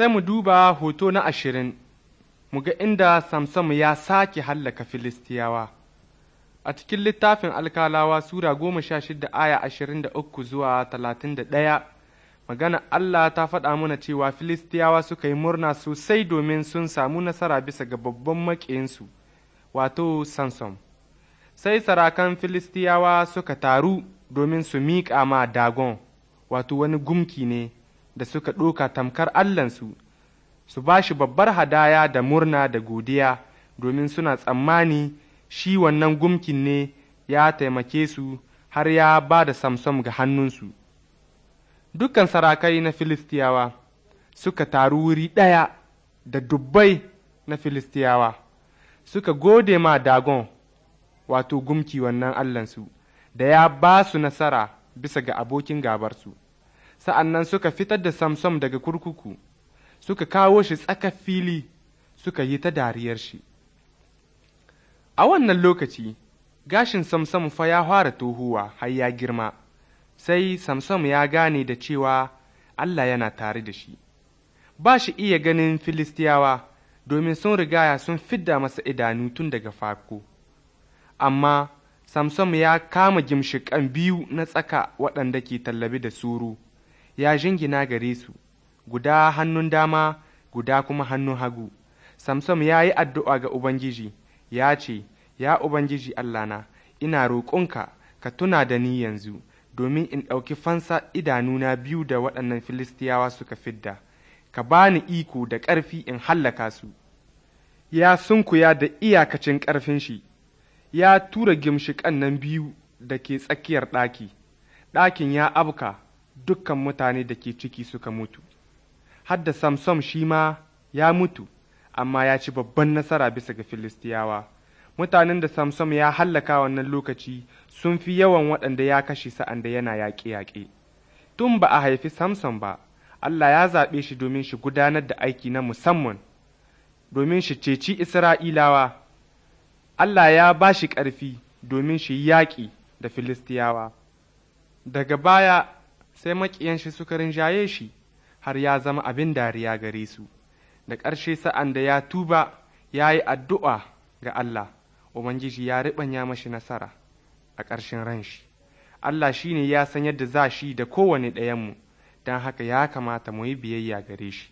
sai mu duba hoto na ashirin, mu ga inda Samsamu ya sake hallaka Filistiyawa. A cikin littafin alkalawa Sura goma sha shida aya ashirin da uku zuwa talatin da ɗaya, magana Allah ta faɗa mana cewa Filistiyawa suka yi murna sosai domin sun samu nasara bisa ga babban maƙiyinsu, wato Samson. Sai sarakan Filistiyawa suka taru domin su miƙa ma Dagon, wato wani gumki ne. da suka ɗoka tamkar Allahnsu, su ba shi babbar hadaya da murna da godiya domin suna tsammani shi wannan gumkin ne ya taimake su har ya ba da Samson ga hannunsu. Dukan sarakai na Filistiyawa suka taru wuri ɗaya da dubbai na Filistiyawa, suka gode ma Dagon, wato gumki wannan Allahnsu, da ya ba su nasara bisa ga abokin gabarsu. sa'an nan suka fitar da Samson daga kurkuku, suka kawo shi tsaka fili suka yi ta dariyar shi. A wannan lokaci, gashin Samson fa ya fara tohuwa har ya girma, sai Samson ya gane da cewa Allah yana tare da shi. Ba shi iya ganin Filistiyawa domin sun rigaya sun fidda masa idanu tun daga farko. Amma Samson ya kama gimshiƙan biyu na tsaka waɗanda ke tallabi da suru. ya jingina gare su, guda hannun dama, guda kuma hannun hagu. Samsom ya yi addu'a ga Ubangiji, ya ce, Ya Ubangiji Allahna, ina roƙonka ka tuna da ni yanzu, domin in ɗauki fansa idanuna biyu da waɗannan Filistiyawa suka fidda, ka ba ni iko da ƙarfi in hallaka su. Ya sunkuya da iyakacin ƙarfin shi, ya tura gimshiƙan nan biyu da ke tsakiyar ɗaki, ɗakin ya abka. dukkan mutane da ke ciki suka mutu hadda samsom shi ma ya mutu amma ya ci babban nasara bisa ga filistiyawa mutanen da samsom ya hallaka wannan lokaci sun fi yawan waɗanda ya kashe sa'an da yana yaƙe-yaƙe tun ba a haifi samsom ba allah ya zaɓe shi domin shi gudanar da aiki na musamman domin shi ceci isra'ilawa allah ya ba shi ƙarfi domin shi yaƙi da filistiyawa daga baya sai maƙiyan shi suka rinjaye shi har ya zama abin dariya gare su da ƙarshe sa'an da ya tuba ya yi addu'a ga Allah Ubangiji ya riɓanya mashi nasara a ƙarshen ran shi Allah shi ne ya san yadda za shi da kowane ɗayanmu don haka ya kamata mu yi biyayya gare shi